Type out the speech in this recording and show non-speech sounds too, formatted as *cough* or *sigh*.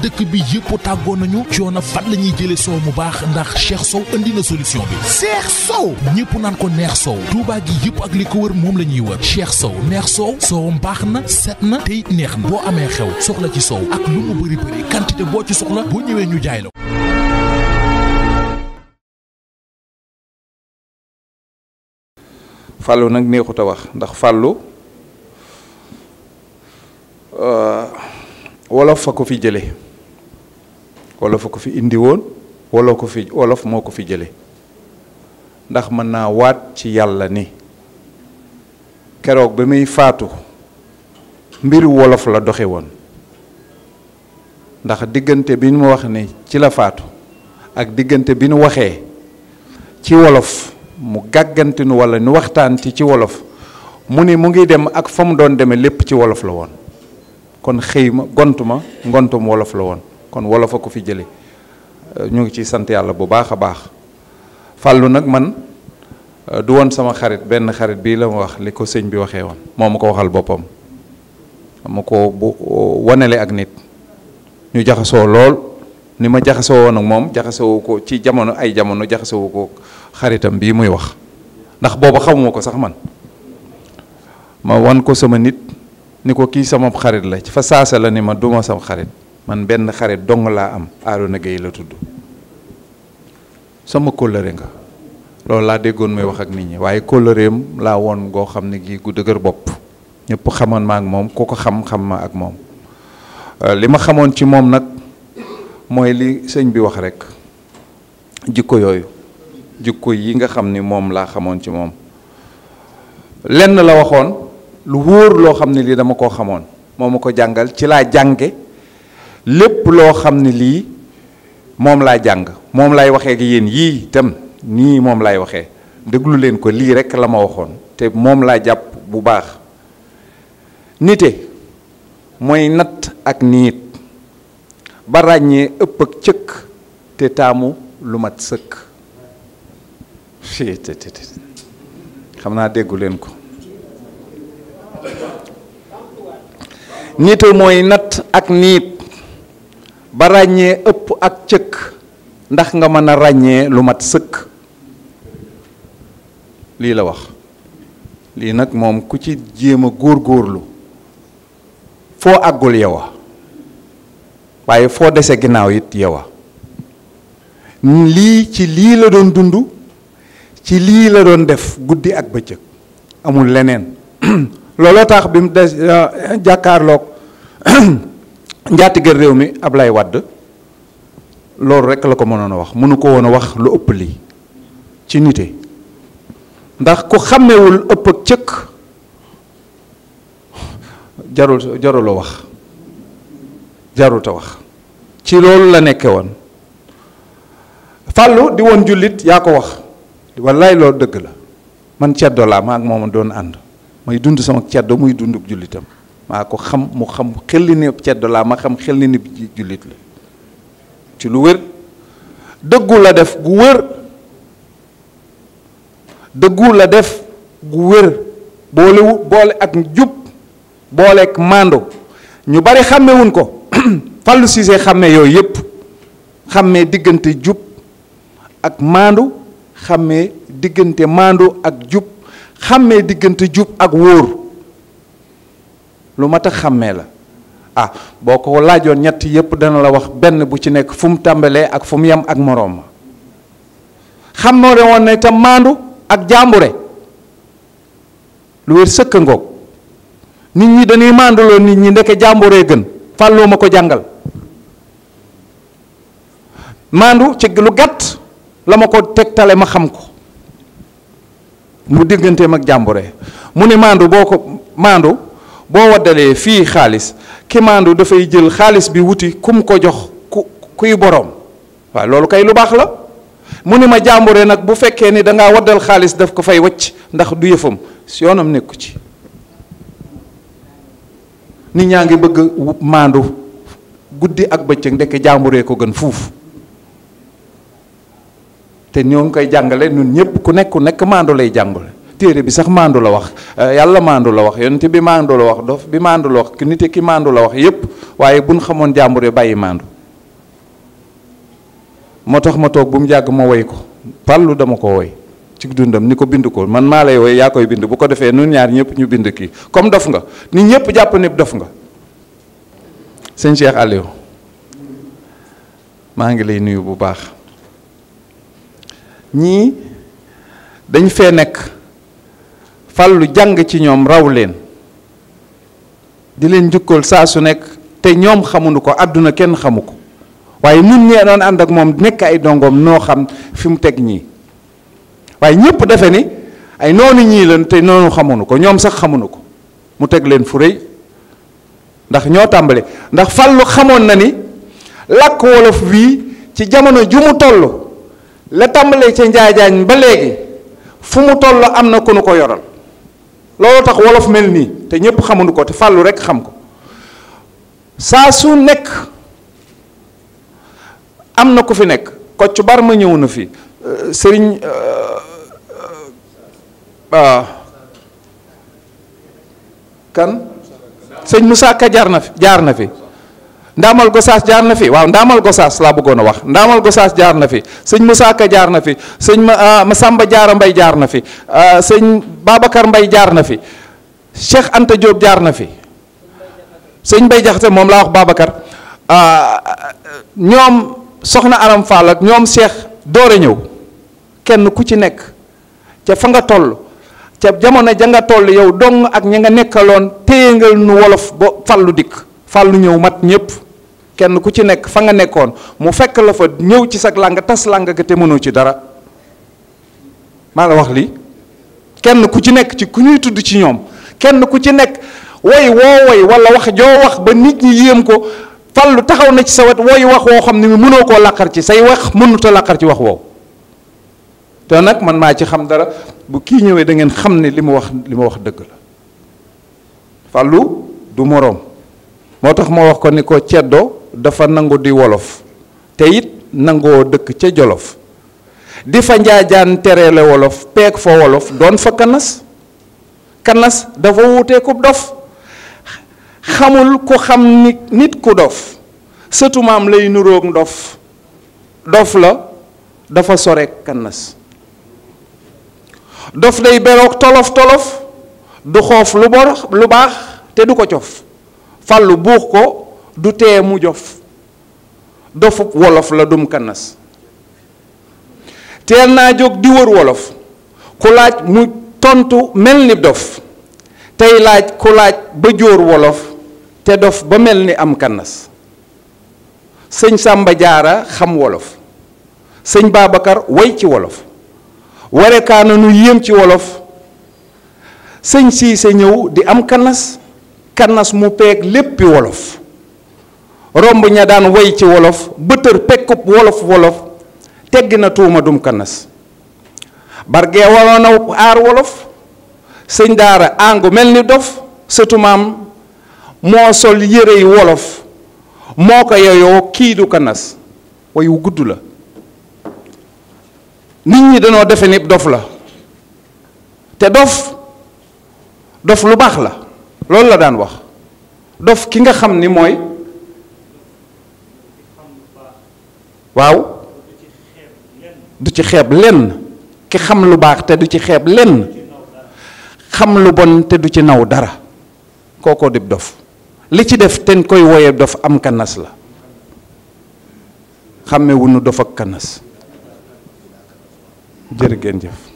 dëkk bi yëpp tàggoon nañu coono fan lañuy ñuy jëlee soow mu baax ndax Cheikh Sow indi na solution bi Cheikh Sow ñëpp naan ko neex soow Touba gi yëpp ak li ko wër moom la ñuy wër Cheikh Sow neex soow soowam baax na set na tey neex na boo amee xew soxla ci soow ak lu mu bëri bëri quantité boo ci soxla boo ñëwee ñu jaay la nag neexut wax ndax fàllu euh, wolof fa ko fi jële wolof fa ko fi indi woon wolof ko fi wolof moo ko fi jële ndax mën naa waat ci yàlla ni keroog bi muy faatu mbir wolof la doxe woon ndax diggante bi mu wax ni ci la faatu ak diggante bi nu waxee ci wolof mu gàggante walla nu waxtaan ci ci wolof mu ni mu ngi dem ak fa mu doon demee lépp ci wolof la woon kon xëy ma gontu ma ngontum wolof la woon kon wolof a ko fi jële euh, ñu ngi ci sant yàlla bu baax a baax fàllu nag man euh, du won sama xarit benn xarit bii la ma wax li ko sëñ bi waxee woon moom ma ko waxal boppam ma ko bu wanale ak nit ñu jaxasoo lool ni ma jaxasoo woon ak moom jaxasoowu ko ci jamono ay jamono jaxasoowu ko xaritam bii muy wax ndax booba xamuma ko sax man ma wan ko sama nit niko ki sama xarit la fa saasa la ni ma duma ma sam xarit man ben xarit dong la am aruna la tuddu sama kóllëre nga loolu laa degone may wax ak nit ñi waye kóllëreem laa won go xamni gi gu dëgër bop ñepp xamone ma ak mom ku ko xam-xam ma ak mom euh, lima xamone ci mom nak moy li señ bi wax rek jikko yoyu jikko yi nga xamni ni la laa ci mom lenn la waxone lu wóor loo xam ne lii dama koo xamoon moo ma ko jàngal ci laa jànge lépp loo xam ne lii moom laa jàng moom laay waxee ak yéen yii itam nii moom laay waxee déglu leen ko lii rekk la ma waxoon te moom laa jàpp bu baax nite mooy natt ak niit ba ràññee ëpp ak cëkk te taamu lu mat sëkk xam naa déggu leen ko nite mooy natt ak niit ba ràññee ëpp ak cëkk ndax nga mën a ràññee lu mat sëkk lii la wax lii nag moom ku ci jéema a góorgóorlu foo àggul yowa waaye foo dese ginnaaw it yowa lii ci lii la doon dund ci lii la doon def guddi ak bëccëg amul leneen *clears throat* looloo tax bi mu des euh, jàkkaarloog *clears throat* njaatigër réew mi ab lay Wade loolu rek la ko mënoon a wax mënu ko woon a wax lu ëpp lii ci nite ndax ku xàmmewul ëpp ak cëkk jarul jaruloo wax jarul wax ci loolu la nekke woon fàllu di woon jullit yaa ko wax wallaay loolu dëgg la man ceddo laa ma ak moom doon ànd may dund sama ceddo muy dund jullitam maa ko xam mu xam xel ni ceddo laa ma xam xel ni jullit la ci lu wér dëggul la def gu wér dëggu la def gu wér boole ak jub booleek mando ñu bari xàmmewuñ ko Fallou Cissé xàmme yooyu yépp xàmmee diggante jub ak maandu xàmmee diggante maandu ak jub xàmmee diggante jub ak wóor lu mat a la ah boko ko laajoon ñett yépp dana la wax benn bu ci nekk fu mu ak fu mu yem ak moroom ma xam noo le woon ne itam maandu ak jàmbure lu wér sëkk ngoog nit ñi dañuy nit ñi ndeke jàmburee gën fàlloo ma ko jàngal ci lu ko ma xam ko mu digganteem ak jàmbure mu ne maandu boo ko maandu boo waddalee fii xaalis ki maandu dafay jël xaalis bi wuti kum ko jox ku kuy boroom waaw loolu kay lu baax la mu ne ma jàmbure nag bu fekkee ni danga ngaa waddal xaalis daf ko fay wacc ndax du yëfam si yoonam nekku ci nit ñaa ngi bëgg maandu guddi ak bëccëg ndekk jàmburee ko gën fuuf te ñoo ngi koy jàngale ñun ñëpp ku nekk ku nekk maandu lay jàngale téere bi sax maandu la wax euh, yàlla maandu la wax yonent bi maandu la wax dof bi maandu la wax ki nite ki maandu la wax yëpp waaye buñ xamoon jàmbure bàyyi maandu moo tax ma toog bu mu yàgg ma woy ko pàllu dama ko woy ci dundam ni ko bind koo man maa lay woy yaa koy bind bu ko defee nun ñaar ñëpp ñu bind kii comme dof nga ni ñëpp jàpp ne dof nga sëñ Cheikh Aliou maa ngi lay nuyu bu baax ñii dañ fee nekk fàllu jàng ci ñoom raw leen di leen njukkal saa su nekk te ñoom xamuñu ko àdduna kenn xamu ko waaye nun ñee doon ànd ak moom nekk ay dongoom noo xam fi mu teg ñii waaye ñëpp defe ni ay noonu ñii leen te noonu xamuñu ko ñoom sax xamuñu ko mu teg leen fu rëy ndax ñoo tàmbale ndax fàllu xamoon na ni làkk wolof wii ci jamono ju mu toll la tàmbalee ca njaajaañ ba léegi fu mu toll am na ku nu ko yoral loolu tax wolof mel nii te ñépp xamuñu ko te fàllu rekk xam ko saa su nekk am na ku fi nekk Kocc Barma ñëw na fii euh, sëriñ euh, euh, kan sëñ Moussa Ka jaar na fi jaar na fi ndaamal gosaas jaar na fi waaw ndaamal gosaas laa bëggoon a wax ndaamal gosaas jaar na fi sëñ Moussa jaar na fi sëñ ma ah, Masamba Jaara Mbay jaar na fi ah, sëñ Babacar Mbay jaar na fi Cheikh Anta jaar na fi sëñ Mbay Jaxate moom laa wax Babacar ah, ñoom soxna Aram Fall ak ñoom seex doore ñëw kenn ku ci nekk ca fa nga toll ca jamono ja nga toll yow dong ak ña nga nekkaloon téyengal nu wolof ba fallu dikk fallu ñew mat ñëpp kenn ku ci nekon, fa nga nekkon mu fekk la fa ñew ci sak tas langga ga te mëno ci dara ma la wax li kenn ku ci nek ci ku ñuy tudd ci ñom kenn ku ci nek way wo way wala wax jo wax ba nit ñi yem ko fallu taxaw na ci sawat way wax wo xamni ne mi mënoo ci say wax ta laqar ci wax wo te nak man ma ci xam dara bu ki ñewé da ngeen xamni limu wax limu wax deug la fallu du morom motax mo wax ko ni ko ceddo dafa nangu di wolof te it nango dekk ci jolof di fa njaajan terele wolof pek fa wolof don fa kanas kanas dafa wute ku dof xamul ku xam nit nit ku dof mam lay nuroog dof dof la dafa sore kanas dof day berok tolof tolof du xof lu bor lu bax te du ko ciof fàllu buux ko du tee mu jof dofub wolof la dum kanas teel naa jóg di wër wolof ku laaj mu tontu mel ni dof tey laaj ku laaj ba jóor wolof te dof ba mel ni am kanas sëñ Sàmba Jaara xam wolof sëñ Babacar way ci wolof warekaana nu yéem ci wolof sëñ Siise ñëw di am kanas kannas mu peeg léppi wolof romb ña daan woy ci wolof bëtër pekkub wolof wolof teggi na tuuma dum kanas bargee waroon a aar wolof sëñ daara àngu mel ni dof sëtumaam moo sol yérey wolof moo ko yeyoo kii du kanas way gudd la nit ñi danoo defe ni dof la te dof dof lu baax la loolu la daan wax dof ki nga xam ni mooy waaw du ci xeeb lenn ki xam lu baax te du ci xeeb lenn xam lu bon te du ci naw dara koo kookoo dib dof li ci def ten koy woye dof am kannas la xàmmewuñu dof ak kanas jër ngeen